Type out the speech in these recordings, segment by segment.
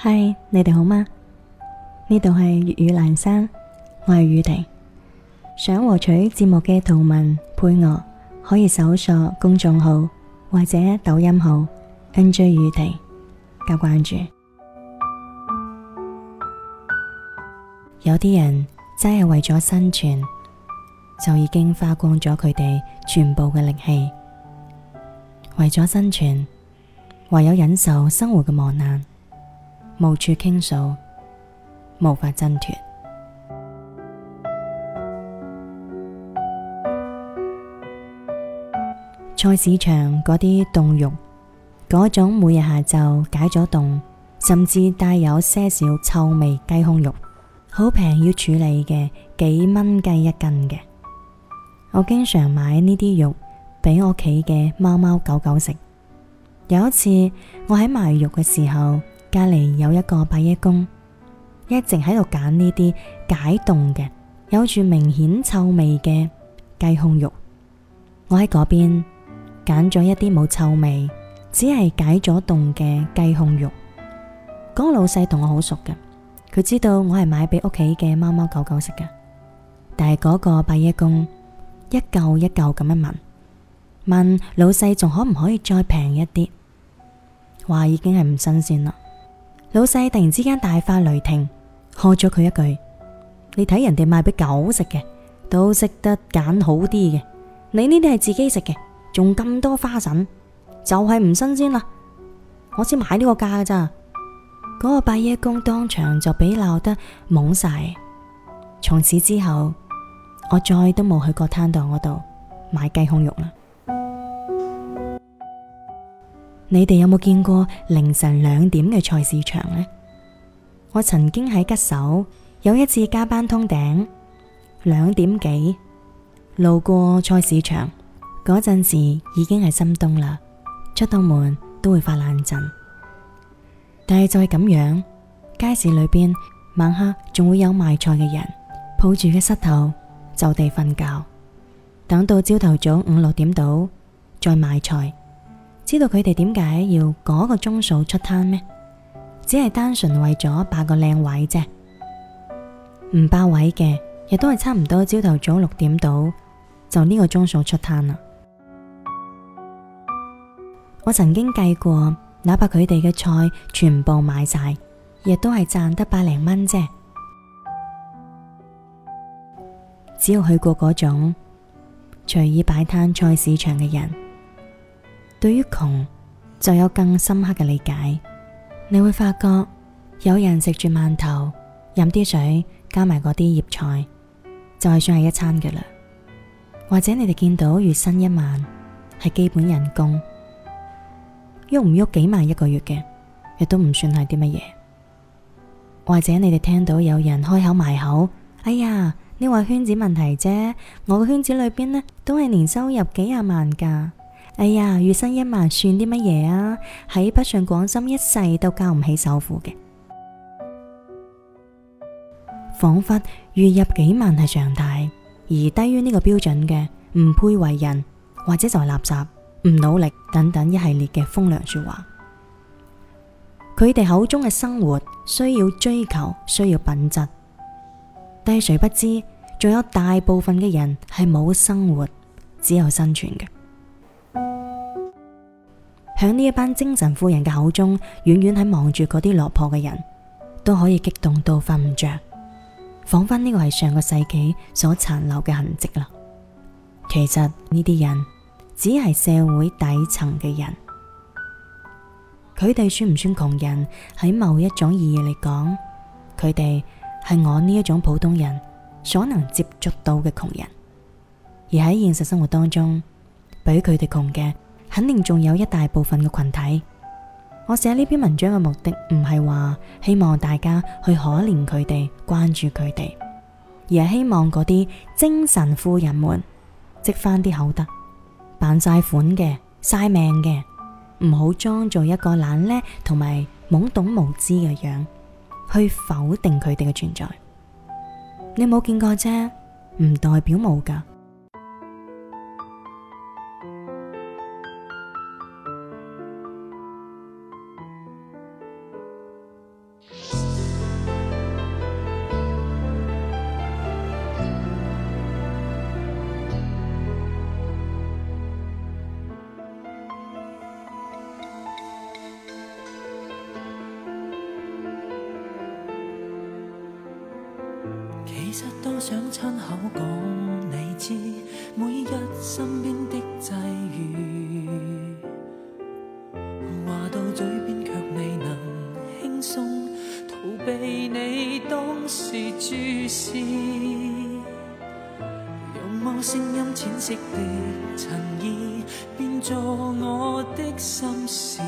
嗨，Hi, 你哋好嗎？呢度係粵語闌珊，我係宇婷。想獲取節目嘅圖文配樂，可以搜索公眾號或者抖音號 NJ 宇婷加關注。 有啲人真係為咗生存，就已經花光咗佢哋全部嘅力氣，為咗生存，唯有忍受生活嘅磨難。無處傾訴，無法掙脫。菜市場嗰啲凍肉，嗰種每日下晝解咗凍，甚至帶有些少臭味雞胸肉，好平要處理嘅，幾蚊雞一斤嘅。我經常買呢啲肉俾我屋企嘅貓貓狗狗食。有一次，我喺買肉嘅時候，隔籬有一個伯爺公，一直喺度揀呢啲解凍嘅有住明顯臭味嘅雞胸肉。我喺嗰邊揀咗一啲冇臭味，只係解咗凍嘅雞胸肉。嗰、那個、老細同我好熟嘅，佢知道我係買俾屋企嘅貓貓狗狗食嘅。但係嗰個伯爺公一嚿一嚿咁樣聞，問老細仲可唔可以再平一啲？話已經係唔新鮮啦。老細突然之間大發雷霆，喝咗佢一句：你睇人哋買俾狗食嘅，都識得揀好啲嘅，你呢啲係自己食嘅，仲咁多花粉，就係、是、唔新鮮啦！我先買呢個價咋？嗰、那個伯爺公當場就俾鬧得懵晒。從此之後，我再都冇去過攤檔嗰度買雞胸肉啦。你哋有冇見過凌晨兩點嘅菜市場呢？我曾經喺吉首有一次加班通頂，兩點幾路過菜市場嗰陣時，已經係心凍啦，出到門都會發冷震。但係就係咁樣，街市裏邊晚黑仲會有賣菜嘅人，抱住個膝頭就地瞓覺，等到朝頭早五六點到再賣菜。知道佢哋點解要嗰個鐘數出攤咩？只係單純為咗霸個靚位啫，唔霸位嘅，亦都係差唔多朝頭早六點到就呢個鐘數出攤啦。我曾經計過，哪怕佢哋嘅菜全部賣晒，亦都係賺得百零蚊啫。只要去過嗰種隨意擺攤菜市場嘅人，對於窮就有更深刻嘅理解，你會發覺有人食住饅頭，飲啲水，加埋個啲醃菜，就係算係一餐嘅啦。或者你哋見到月薪一萬係基本人工，喐唔喐幾萬一個月嘅亦都唔算係啲乜嘢。或者你哋聽到有人開口埋口，哎呀，呢位圈子問題啫，我嘅圈子裏邊呢，都係年收入幾廿萬噶。哎呀，月薪一萬算啲乜嘢啊？喺北上廣深，一世都交唔起首付嘅，仿佛月入幾萬係常態，而低於呢個標準嘅唔配為人，或者就係垃圾，唔努力等等一系列嘅風涼說話。佢哋口中嘅生活需要追求，需要品質，但係殊不知，仲有大部分嘅人係冇生活，只有生存嘅。響呢一班精神富人嘅口中，遠遠喺望住嗰啲落魄嘅人都可以激動到瞓唔着，仿佛呢個係上個世紀所殘留嘅痕迹啦。其實呢啲人只係社會底層嘅人，佢哋算唔算窮人？喺某一種意義嚟講，佢哋係我呢一種普通人所能接觸到嘅窮人，而喺現實生活當中，比佢哋窮嘅。肯定仲有一大部分嘅群體，我寫呢篇文章嘅目的唔係話希望大家去可憐佢哋，關注佢哋，而係希望嗰啲精神富人們積翻啲口德，扮晒款嘅，晒命嘅，唔好裝做一個懶叻同埋懵懂無知嘅樣去否定佢哋嘅存在。你冇見過啫，唔代表冇噶。其實多想親口講你知，每日身邊的際遇，話到嘴邊卻未能輕鬆，逃避你當時注視，用我聲音淺色的襯衣，變作我的心事。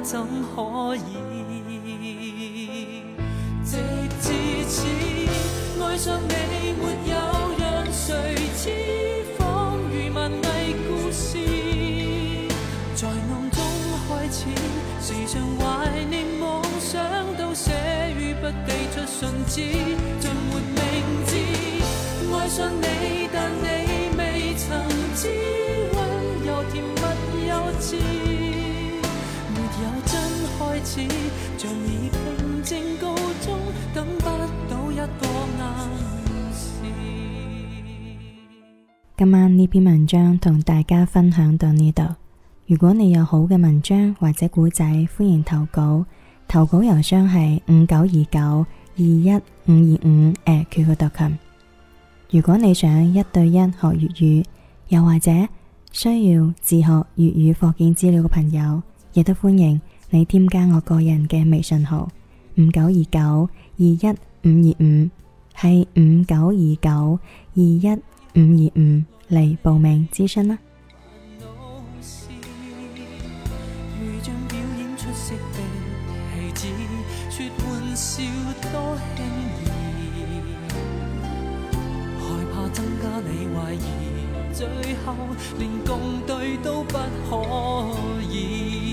怎可以？直至此，愛上你沒有讓誰知，仿如文藝故事，在暗中開始，時常懷念妄想都寫於不遞出信紙，盡沒名字，愛上你。像已平靜告終，等不到一個暗示。今晚呢篇文章同大家分享到呢度。如果你有好嘅文章或者古仔，歡迎投稿。投稿郵箱係五九二九二一五二五誒 QQ 點 com。如果你想一對一學粵語，又或者需要自學粵語課件資料嘅朋友，亦都歡迎。你添加我個人嘅微信號五九二九二一五二五，係五九二九二一五二五嚟報名諮詢啦。「煩惱事，如像表演出色地騙自己，說玩笑多輕易。害怕增加你懷疑，最後連共對都不可以。」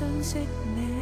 珍惜你。